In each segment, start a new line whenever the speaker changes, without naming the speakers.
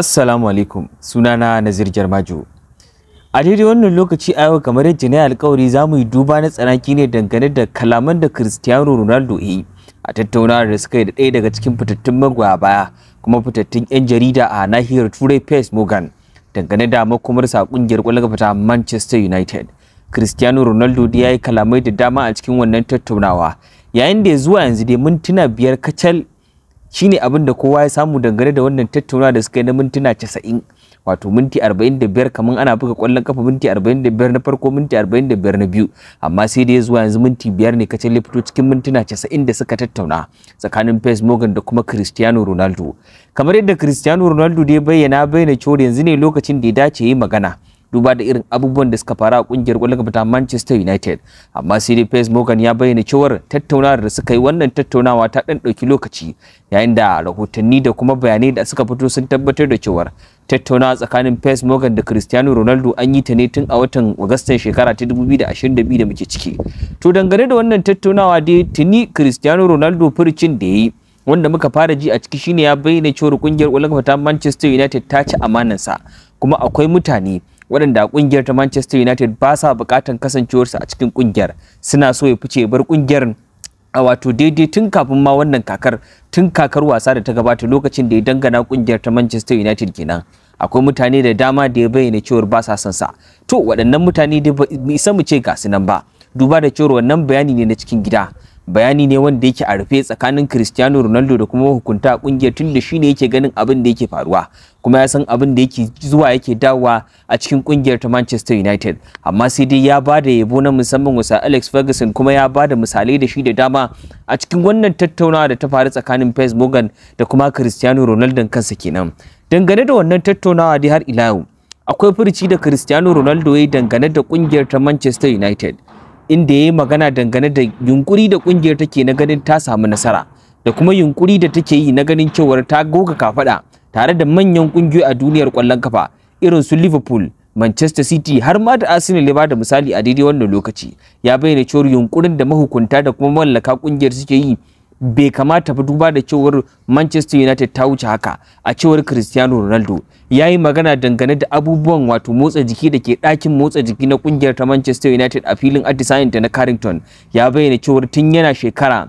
Assalamu alaikum sunana Nazir Jarmajo. A daidai wannan lokaci a yau kamar yadda na alƙawari za mu yi duba na tsanaki ne dangane da kalaman da Cristiano Ronaldo yi a tattaunawar da suka yi da ɗaya daga cikin fitattun magoya baya kuma fitattun 'yan jarida a nahiyar Turai Pace Morgan dangane da makomarsa ƙungiyar ƙwallon fita Manchester United. Cristiano Ronaldo da ya yi kalamai da dama a cikin wannan tattaunawa yayin da ya zuwa yanzu dai mintuna biyar kacal shine abin da kowa ya samu dangane da wannan tattaunawa da suka yi na mintuna 90 wato minti 45 kamar ana buga kwallon kafa minti 45 na farko minti 45 na biyu amma sai da ya zuwa yanzu minti biyar ne kacin fito cikin mintuna 90 da suka tattauna tsakanin pes Morgan da kuma Cristiano Ronaldo kamar yadda Cristiano Ronaldo dai bayyana bayyana cewa yanzu ne lokacin da ya dace yi magana duba da irin abubuwan da suka faru a kungiyar kwallon kafa ta Manchester United amma sai dai Piers Morgan ya bayyana cewar tattaunawar da suka yi wannan tattaunawa ta dan dauki lokaci yayin da rahotanni da kuma bayanai da suka fito sun tabbatar da cewar tattaunawa tsakanin Pace Morgan da Cristiano Ronaldo an yi ta ne tun a watan Agustan shekara ta 2022 da muke ciki to dangane da wannan tattaunawa dai tuni Cristiano Ronaldo furcin da yayi wanda muka fara ji a ciki shine ya bayyana cewar kungiyar kwallon kafa ta Manchester United ta ci amanansa kuma akwai mutane waɗanda kungiyar ta Manchester United ba sa bukatan kasancewarsa a cikin kungiyar suna so ya fice bar kungiyar a wato daidai tun kafin ma wannan kakar tun kakar wasa da ta gabata lokacin da ya dangana kungiyar ta Manchester United kenan akwai mutane da dama da ya bayyana cewar ba sa son sa to waɗannan mutane da isa mu ce ga su ba duba da cewar wannan bayani ne na cikin gida bayani ne wanda yake a rufe tsakanin Cristiano Ronaldo da kuma hukunta kungiyar tun da shine yake ganin abin da yake faruwa kuma ya san abin da yake zuwa yake dawowa a cikin kungiyar ta Manchester United amma sai dai ya bada yabo na musamman wasa Alex Ferguson kuma ya bada da misalai da shi da dama a cikin wannan tattaunawa da ta faru tsakanin Piers Morgan da kuma Cristiano Ronaldo kansa kenan dangane da wannan tattaunawa dai har ila yau akwai furuci da Cristiano Ronaldo ya dangane da kungiyar ta Manchester United inda ya yi magana dangane da yunkuri da kungiyar take na ganin ta samu nasara da kuma yunkuri da take yi na ganin cewar ta goga kafada tare da manyan kungiyoyi a duniyar kwallon kafa irin su Liverpool, Manchester City har ma da Arsenal ya da misali a daidai wannan lokaci. Ya bayyana cewar yunkurin da mahukunta da kuma mallaka kungiyar suke yi bai kamata ba duba da cewar Manchester United ta wuce haka a cewar Cristiano Ronaldo ya yi magana dangane da abubuwan wato motsa jiki da ke ɗakin motsa jiki na ƙungiyar ta Manchester United a filin Addison da na Carrington ya bayyana cewar tun yana shekara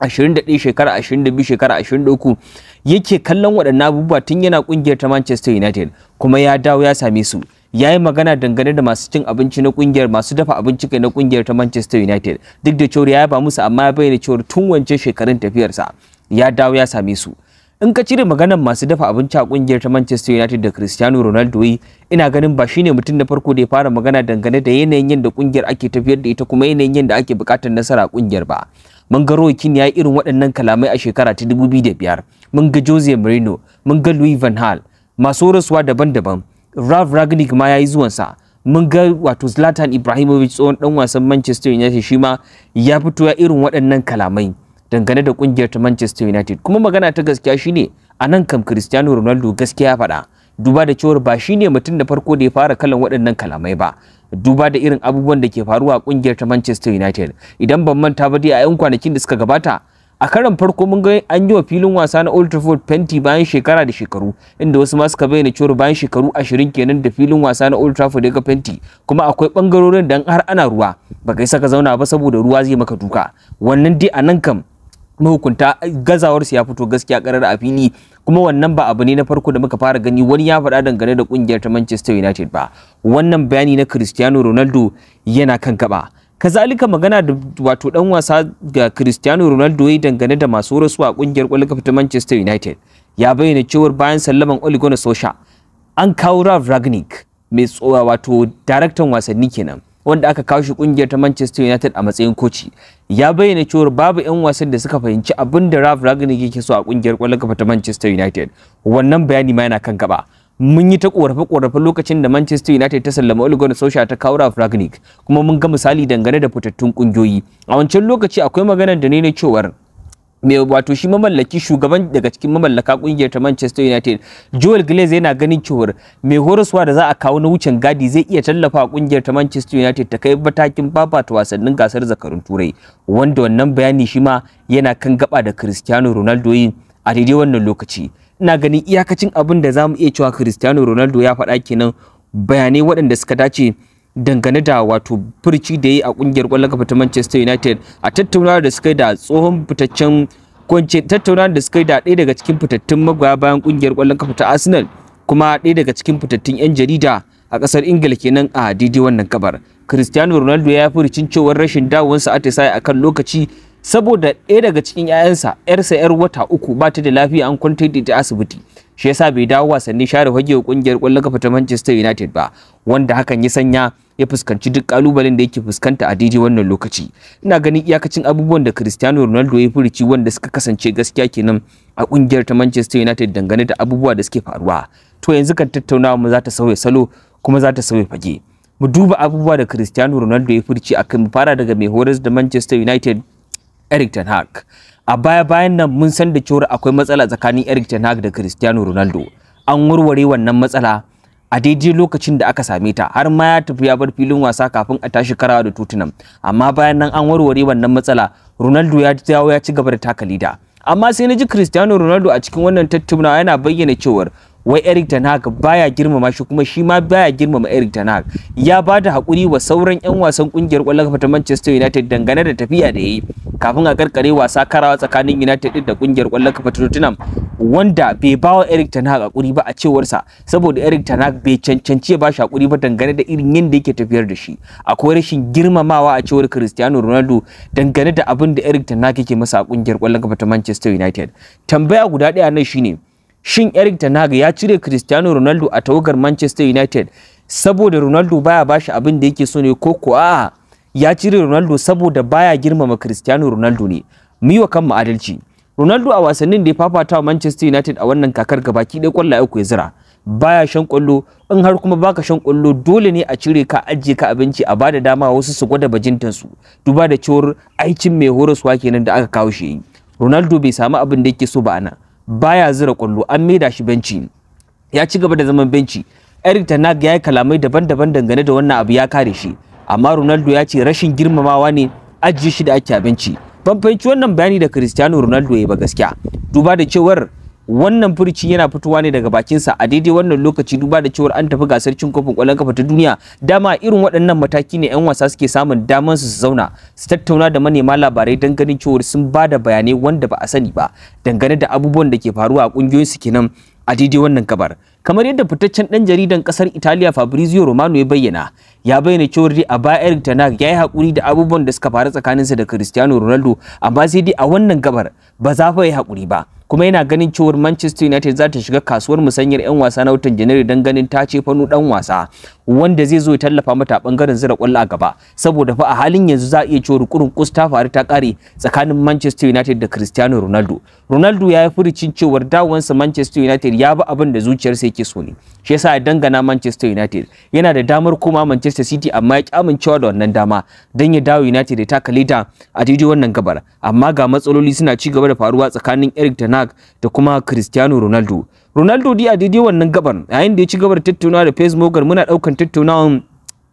21 shekara 22 shekara 23 yake kallon waɗannan abubuwa tun yana ƙungiyar ta Manchester United kuma ya dawo ya same su yayi magana dangane da masu cin abinci na kungiyar masu dafa abinci kai na kungiyar ta Manchester United duk da cewa ya ba musu amma ya bayyana cewa tun wance shekarun tafiyarsa ya dawo ya same su in ka cire maganar masu dafa abinci a kungiyar ta Manchester United da Cristiano Ronaldo yi ina ganin ba shine mutum na farko da ya fara magana dangane da yanayin yadda kungiyar ake tafiyar da ita kuma yanayin yadda ake bukatar nasara a kungiyar ba mun ga Roy ya yi irin waɗannan kalamai a shekara ta 2005 mun ga Jose Mourinho mun ga Louis van Gaal masu rasuwa daban-daban Rav Ragnik ma yayi zuwansa mun ga wato Zlatan Ibrahimovic tsohon dan wasan Manchester United shi ma ya fito ya irin waɗannan kalamai dangane da kungiyar ta Manchester United kuma magana ta gaskiya shine a nan kam Cristiano Ronaldo gaskiya ya faɗa duba da cewar ba shine mutum da farko da ya fara kallon waɗannan kalamai ba duba da irin abubuwan da ke faruwa a kungiyar ta Manchester United idan ban manta ba dai a 'yan kwanakin da suka gabata a karan farko mun ga an yi wa filin wasa na Old Trafford fenti bayan shekara da shekaru inda wasu ma suka bayyana cewa bayan shekaru 20 kenan da filin wasa na Old Trafford ya ga fenti kuma akwai bangarorin da har ana ruwa baka kai saka zauna ba saboda ruwa zai maka duka wannan dai a nan kam mahukunta gazawar su ya fito gaskiya karar a fili kuma wannan ba abu ne na farko da muka fara gani wani ya faɗa dangane da kungiyar ta Manchester United ba wannan bayani na Cristiano Ronaldo yana kan gaba kazalika magana da wato dan wasa ga Cristiano Ronaldo ya dangane da masu rasuwa a kungiyar kwallon kafa ta Manchester United ya bayyana cewar bayan sallaman Ole Gunnar Solskjaer an kawo Ralf Ragnick mai tsowa wato daraktan wasanni kenan wanda aka kawo shi kungiyar ta Manchester United a matsayin koci ya bayyana cewar babu 'yan wasan da suka fahimci abin da Ralf Ragnick yake so a kungiyar kwallon kafa ta Manchester United wannan bayani ma yana kan gaba mun yi ta korafe-korafe lokacin da Manchester United ta sallama Ole Gunnar Solskjaer ta kawo Ralf kuma mun ga misali dangane da fitattun kungiyoyi a wancan lokaci akwai maganar da ne na cewar me wato shi mamallaki shugaban daga cikin mamallaka kungiyar ta Manchester United Joel Glaze yana ganin cewar mai horaswa da za a kawo na wucin gadi zai iya tallafa kungiyar ta Manchester United ta kai matakin ta wasannin gasar zakarun turai wanda wannan bayani shi ma yana kan gaba da Cristiano Ronaldo yin a daidai wannan lokaci ina ganin iyakacin abin da zamu iya cewa Cristiano Ronaldo ya faɗa kenan bayanai waɗanda suka dace dangane da wato furci da yi a kungiyar ƙwallon kafa ta Manchester United a tattaunawar da suka yi da tsohon fitaccen kwance tattaunawar da suka yi da ɗaya daga cikin fitattun magoya bayan kungiyar ƙwallon kafa ta Arsenal kuma ɗaya daga cikin fitattun 'yan jarida a ƙasar Ingila kenan a daidai wannan kabar. Cristiano Ronaldo ya furcin cewar rashin dawowarsa a akan lokaci saboda ɗaya daga cikin 'ya'yansa yarsa yar wata uku ba ta da lafiya an kwanta da ta asibiti shi yasa bai dawo wasanni share fage wa kungiyar ƙwallon kafa ta Manchester United ba wanda hakan ya sanya ya fuskanci duk kalubalen da yake fuskanta a daidai wannan lokaci ina ganin iyakacin abubuwan da Cristiano Ronaldo ya furici wanda suka kasance gaskiya kenan a ƙungiyar ta Manchester United dangane da abubuwa da suke faruwa to yanzu kan tattaunawa mu za ta sauya salo kuma za ta sauya fage mu duba abubuwa da Cristiano Ronaldo ya furci akan fara daga mai horas da Manchester United Eric Ten Hag. A baya-bayan nan mun san da cewa akwai matsala tsakanin Eric Ten Hag da Cristiano Ronaldo. An warware wannan matsala a daidai lokacin da aka same ta har ma ya tafi ya bar filin wasa kafin a tashi karawa da Tottenham amma bayan nan an warware wannan matsala Ronaldo ya dawo ya ci gaba da taka lida amma sai na ji Cristiano Ronaldo a cikin wannan tattaunawa yana bayyana cewar wai Eric Ten Hag baya girmama shi kuma shi ma baya girmama Eric Ten Hag ya bada da hakuri wa sauran 'yan wasan kungiyar ƙwallon kafa ta Manchester United dangane da tafiya da yayi kafin a karkare wasa karawa tsakanin United da kungiyar ƙwallon kafa ta Tottenham wanda bai ba wa Eric Ten Hag hakuri ba a cewar sa saboda Eric Ten Hag bai cancanci ya ba shi hakuri ba dangane da irin yanda yake tafiyar da shi akwai rashin girmamawa a cewar Cristiano Ronaldo dangane da abin da Eric Ten Hag yake masa a kungiyar ƙwallon kafa ta Manchester United tambaya guda ɗaya nan shine shin Eric Ten Hag ya cire Cristiano Ronaldo a tawagar Manchester United saboda Ronaldo baya bashi abin da yake so ne ko ko a'a ya cire Ronaldo saboda baya girmama Cristiano Ronaldo ne mu yi wa kanmu adalci Ronaldo a wasannin da ya fafata wa Manchester United a wannan kakar gabaki dai kwallaye uku ya zira baya shan kwallo in har kuma baka shan kwallo dole ne a cire ka ajiye ka abinci a bada dama wasu su gwada bajintan su duba da cewar aicin mai horaswa kenan da aka kawo shi Ronaldo bai samu abin da yake so ba anan baya zura kwallo an maida shi benci ya ci gaba da zaman benci Eric Tanag ya yi kalamai daban-daban dangane da wannan abu ya kare shi amma Ronaldo ya ce rashin girmamawa ne ajiye shi da ake abinci ban fahimci wannan bayani da Cristiano Ronaldo ya ba gaskiya duba da cewar wannan furci yana fitowa ne daga bakinsa a daidai wannan lokaci duba da cewar an tafi gasar cin kofin kwallon kafa ta duniya dama irin waɗannan mataki ne 'yan wasa suke samun damar su zauna su tattauna da manema labarai don ganin cewar sun ba da bayanai wanda ba a sani ba dangane da abubuwan da ke faruwa a su kenan a daidai wannan gabar kamar yadda fitaccen dan jaridan ƙasar italiya fabrizio romano ya bayyana ya bayyana cewar dai a baya Eric Ten ya yi haƙuri da abubuwan da suka faru tsakaninsa da Cristiano Ronaldo amma sai dai a wannan gabar ba za fa yi hakuri ba kuma yana ganin cewar Manchester United za ta shiga kasuwar musanyar 'yan wasa na watan Janairu don ganin ta ce fano dan wasa wanda zai zo ya tallafa mata bangaren zira kwallo a gaba saboda fa a halin yanzu za a iya cewar kurun kus ta faru ta kare tsakanin Manchester United da Cristiano Ronaldo Ronaldo ya yi furucin cewar dawansa Manchester United ya bi abin da zuciyarsa yake so ne shi yasa ya dangana Manchester United yana da damar koma Manchester Manchester City amma ya cewa da wannan dama don ya dawo United da taka leda a daidai wannan gabar amma ga matsaloli suna ci gaba da faruwa tsakanin Eric Ten Hag da kuma Cristiano Ronaldo Ronaldo dai a daidai wannan gabar yayin da ya ci gaba da tattaunawa da Piers Morgan muna daukan tattaunawan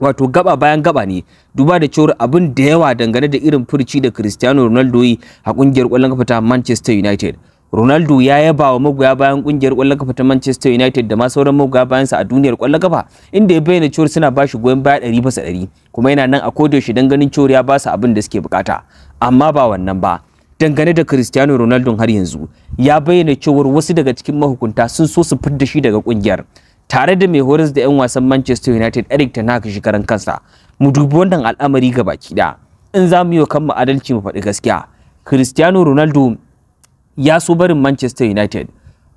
wato gaba bayan gaba ne duba da cewar abin da yawa dangane da irin furci da Cristiano Ronaldo yi a kungiyar kwallon kafa ta Manchester United Ronaldo ya yaba wa magoya bayan kungiyar ƙwallon kafa ta Manchester United da ma sauran magoya bayan sa a duniyar ƙwallon kafa inda ya bayyana cewa suna ba shi goyon baya ɗari bisa ɗari kuma yana nan a shi dan ganin cewa ya ba su abin da suke bukata amma ba wannan ba dangane da Cristiano Ronaldo har yanzu ya bayyana cewa wasu daga cikin mahukunta sun so su da shi daga kungiyar tare da mai horas da 'yan wasan Manchester United Eric Ten Hag shi karan kansa mu dubi wannan al'amari gaba da, in za mu yi wa kanmu adalci mu faɗi gaskiya Cristiano Ronaldo ya so barin Manchester United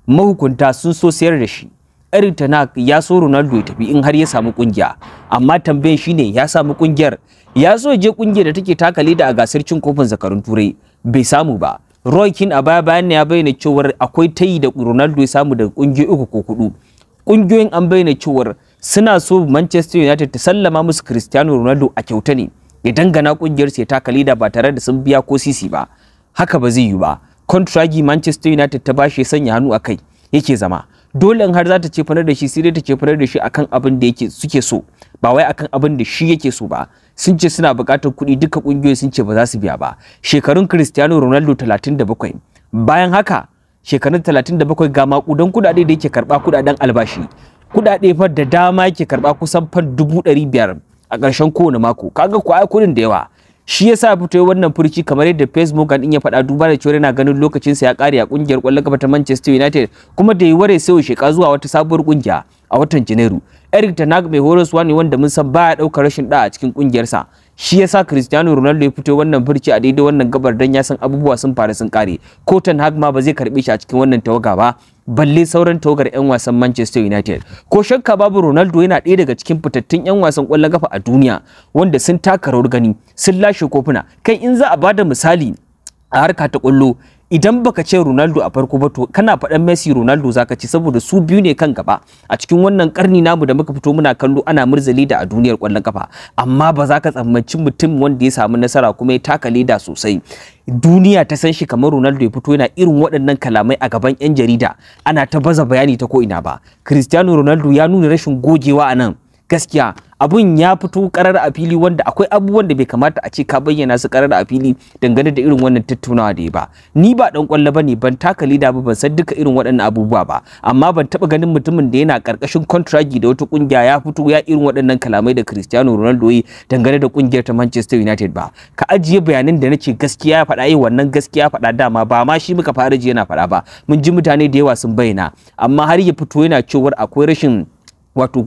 mahukunta sun so sayar da shi Eric Tanak ya so Ronaldo ya tafi in har ya samu kungiya amma tambayan shine ya samu kungiyar ya so je kungiyar da take taka leda a gasar cin kofin zakarun turai bai samu ba Roy Keane a baya bayan ya bayyana cewa akwai tayi da Ronaldo ya samu daga kungiyoyi uku ko hudu kungiyoyin an bayyana cewa suna so Manchester United ta sallama musu Cristiano Ronaldo a kyauta ne ya dangana kungiyar sai taka leda ba tare da sun biya ko sisi ba haka ba zai yi ba kontragi Manchester United ta bashi sanya hannu a kai yake zama dole in har za ta ce fanar da shi sai dai ta ce fanar da shi akan abin da yake suke so ba wai akan abin da shi yake so ba sun ce suna buƙatar kuɗi duka kungiyoyi sun ce ba za su biya ba shekarun Cristiano Ronaldo 37 bayan haka shekarun 37 ga makudan kuɗaɗe da yake karɓa kuɗaɗen albashi kuɗaɗe fa da dama yake karba kusan fan biyar a ƙarshen kowane mako kaga ku ai kuɗin da yawa shi yasa fito wannan furci kamar yadda Facebook in ya faɗa duba da cewa yana ganin lokacin sa ya kare a kungiyar ƙwallon kafa ta Manchester United kuma da yiwuwar ya sayo sheka zuwa wata sabuwar kungiya a watan Janairu Eric Ten Hag mai horaswa ne wanda mun san baya ɗaukar rashin da a cikin kungiyar sa shi yasa Cristiano Ronaldo ya fito wannan furci a daidai wannan gabar dan ya san abubuwa sun faru sun kare ko Ten Hag ma ba zai karbe shi a cikin wannan tawaga ba balle sauran tawagar 'yan wasan Manchester United. Ko shakka babu Ronaldo yana ɗaya daga cikin fitattun 'yan wasan ƙwallon kafa a duniya wanda sun taka rawar gani, sun lashe kofuna. Kai in za a bada misali a harka ta ƙwallo idan baka ce Ronaldo a farko ba to kana faɗan Messi Ronaldo zaka ci saboda su biyu ne kan gaba a cikin wannan karni namu da muka fito muna kallo ana murzali da a duniyar kwallon kafa amma ba za ka tsammanci mutum wanda ya samu nasara kuma ya taka leda sosai duniya ta san shi kamar Ronaldo ya fito yana irin waɗannan kalamai a gaban 'yan jarida ana ta baza bayani ta ko ina ba Cristiano Ronaldo ya nuna rashin gogewa a nan gaskiya abun ya fito karar a fili wanda akwai abubuwan da bai kamata a ce ka bayyana su karar a fili dangane da irin wannan tattaunawa da ya ba ni ba dan kwallo bane ban taka lida ba ban san duka irin waɗannan abubuwa ba amma ban taba ganin mutumin da yana karkashin contract da wata kungiya ya fito ya irin waɗannan kalamai da Cristiano Ronaldo yi dangane da kungiyar ta Manchester United ba ka ajiye bayanin da nace gaskiya ya faɗa yi eh wannan gaskiya faɗa dama ba ma shi muka fara ji yana faɗa ba mun ji mutane da yawa sun bayyana amma har ya fito yana cewar akwai rashin wato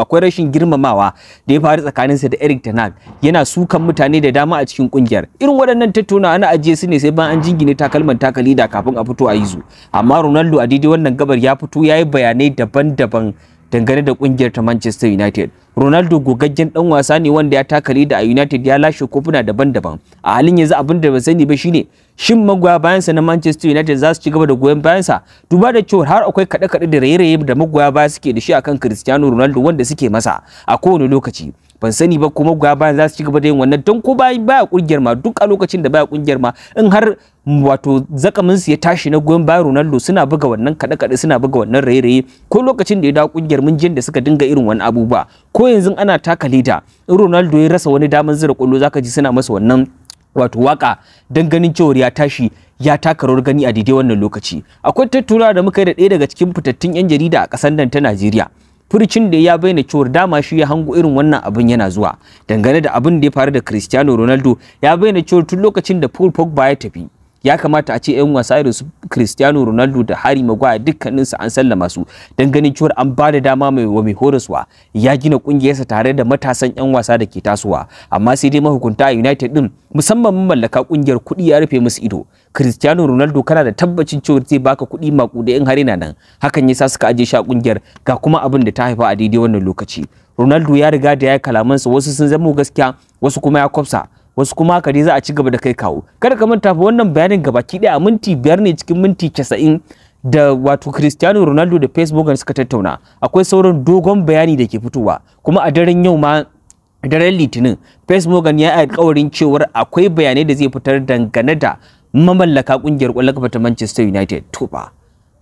akwai rashin girmamawa da ya faru tsakanin sa da Eric Tanag yana sukan mutane da dama a cikin kungiyar irin waɗannan tattauna ana ajiye su ne sai bayan an jingine takalman takali da kafin a fito a yi su amma Ronaldo a daidai wannan gabar ya fito ya yi bayanai daban-daban dangane da kungiyar ta Manchester United. Ronaldo gogaggen dan wasa ne wanda ya takali da a United ya lashe kofuna daban-daban. A halin yanzu abin da bai sani ba shine shin magoya bayansa na Manchester United za su ci gaba da goyon bayansa duba da cewa har akwai kaɗe-kaɗe da raye-raye da magoya baya suke da shi akan Cristiano Ronaldo wanda suke masa a kowane lokaci. ban sani ba kuma ga bayan za su ci gaba da yin wannan don ko bayan baya kungiyar ma duk a lokacin da baya kungiyar ma in har wato zakamin su ya tashi na goyon bayan Ronaldo suna buga wannan kada kada suna buga wannan raye-raye ko lokacin da ya dawo kungiyar mun jin da suka dinga irin wani abubuwa ko yanzu ana taka leda in Ronaldo ya rasa wani daman zira kwallo zaka ji suna masa wannan wato waka don ganin cewar ya tashi ya taka rawar gani a daidai wannan lokaci akwai tattaunawa da muka yi da ɗaya daga cikin fitattun 'yan jarida a ƙasar nan ta najeriya furcin da ya bayyana cewar dama shi ya hango irin wannan abin yana zuwa dangane da abin da ya faru da Cristiano Ronaldo ya bayyana cewar tun lokacin da Paul Pogba ya tafi ya kamata a ce yan wasa irin su Cristiano Ronaldo da Harry Maguire dukkanin su an sallama su dan ganin cewa an ba da dama mai wa mai horaswa ya gina kungiyarsa tare da matasan yan wasa da ke tasowa amma sai dai mahukunta a United din musamman mallaka kungiyar kuɗi ya rufe musu ido Cristiano Ronaldo kana da tabbacin cewa zai baka kuɗi maku da yan harina nan hakan yasa suka aje shi a kungiyar ga kuma abin da ta haifa a daidai wannan lokaci Ronaldo ya riga da ya kalamansa wasu sun zama gaskiya wasu kuma ya kwafsa wasu kuma haka za a ci gaba da kai kawo kada ka manta fa wannan bayanin gabaki daya minti biyar ne cikin minti casa'in da wato Cristiano Ronaldo da Facebook da suka tattauna akwai sauran dogon bayani da ke fitowa kuma a daren yau ma daren litinin Facebook ya alkawarin cewar akwai bayanai da zai fitar dangane da mamallaka kungiyar kwallon kafa ta Manchester United to ba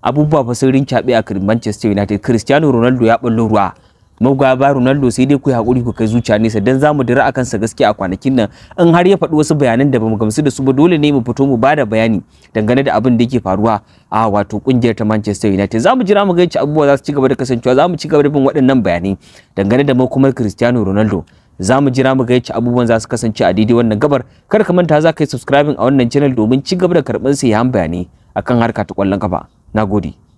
abubuwa fa sun rincaɓe a Manchester United Cristiano Ronaldo ya ballo ruwa magwaba Ronaldo sai dai ku yi hakuri ku kai zuciya nesa dan zamu dira akan sa gaskiya a kwanakin nan in har ya faɗi wasu bayanan da bamu gamsu da su ba dole ne mu fito mu bada bayani dangane da abin da yake faruwa a wato kungiyar ta Manchester United zamu jira mu ga yace abubuwa za su ci gaba da kasancewa zamu ci gaba da bin waɗannan bayanai dangane da makomar Cristiano Ronaldo zamu jira mu ga yace abubuwan za su kasance a daidai wannan gabar kar ka manta za ka yi subscribing a wannan channel domin ci gaba da karɓar sayan bayanai akan harka ta kwallon kafa nagode